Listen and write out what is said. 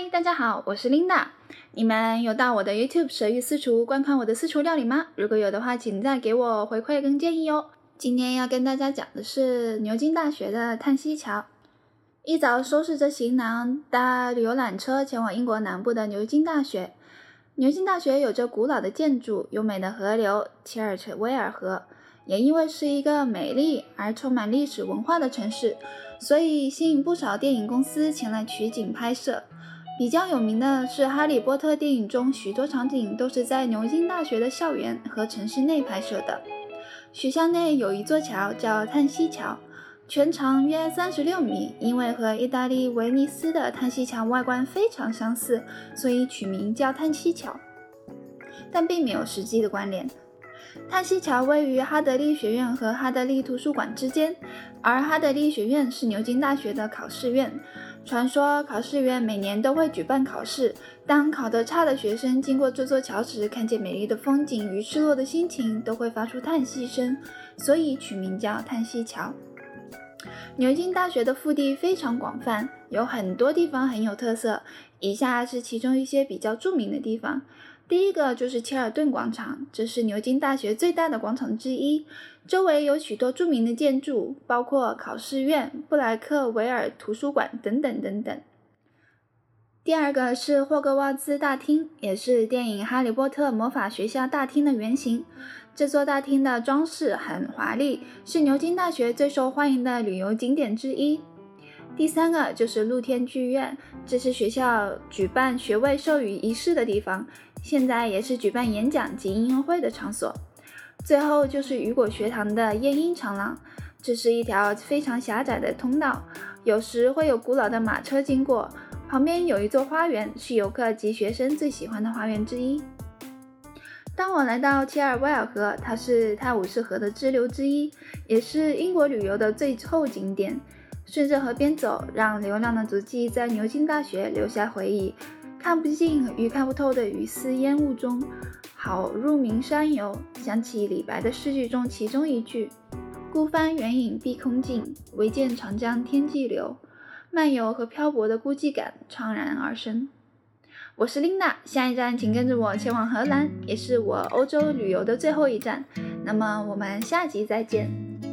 嗨，大家好，我是 Linda。你們有到我的 YouTube 舌慾私廚觀看我的私廚料理嗎？如果有的話，請再給我回饋跟建議哦。今天要跟大家講的是牛津大學的嘆息橋。一早收拾着行囊，搭遊覽車前往英國南部的牛津大學。牛津大學有着古老的建築、優美的河流——切爾齊威爾河，也因為是一個美麗而充滿歷史文化的城市，所以吸引不少電影公司前來取景拍攝。比較有名的是《哈利波特》電影中許多場景都是在牛津大學的校園和城市內拍攝的。學校內有一座橋叫嘆息橋，全長約三十六米，因為和意大利威尼斯的嘆息橋外觀非常相似，所以取名叫嘆息橋，但並沒有實際的關聯。嘆息橋位於哈德利學院和哈德利圖書館之間，而哈德利學院是牛津大學的考試院。傳說考試員每年都會舉辦考試，當考得差的學生經過這座橋時，看見美麗的風景與失落的心情都會發出嘆息聲，所以取名叫嘆息橋。牛津大學的腹地非常廣泛，有很多地方很有特色。以下是其中一些比較著名的地方。第一個就是切爾頓廣場，這是牛津大學最大的廣場之一，周圍有許多著名的建築，包括考試院、布萊克維爾圖書館等等等等。第二個是霍格沃茲大廳，也是電影《哈利波特魔法學校大廳》的原型。這座大廳的裝飾很華麗，是牛津大學最受歡迎的旅遊景點之一。第三個就是露天劇院，這是學校舉辦學位授予儀，儀式的地方，現在也是舉辦演講及音樂會的場所。最後就是雨果學堂的夜鶯長廊，這是一條非常狹窄的通道，有時會有古老的馬車經過。旁邊有一座花園，是遊客及學生最喜歡的花園之一。當我來到切爾威爾河，它是泰晤士河的支流之一，也是英國旅遊的最後景點。順着河邊走，讓流浪的足跡在牛津大學留下回憶。看不盡與看不透的雨絲煙霧中，好入名山遊。想起李白的詩句中其中一句：“孤帆遠影碧空盡，唯見長江天際流。”漫遊和漂泊的孤寂感愴然而生。我是 Linda，下一站請跟着我前往荷蘭，也是我歐洲旅遊的最後一站。那麼我們下集再見。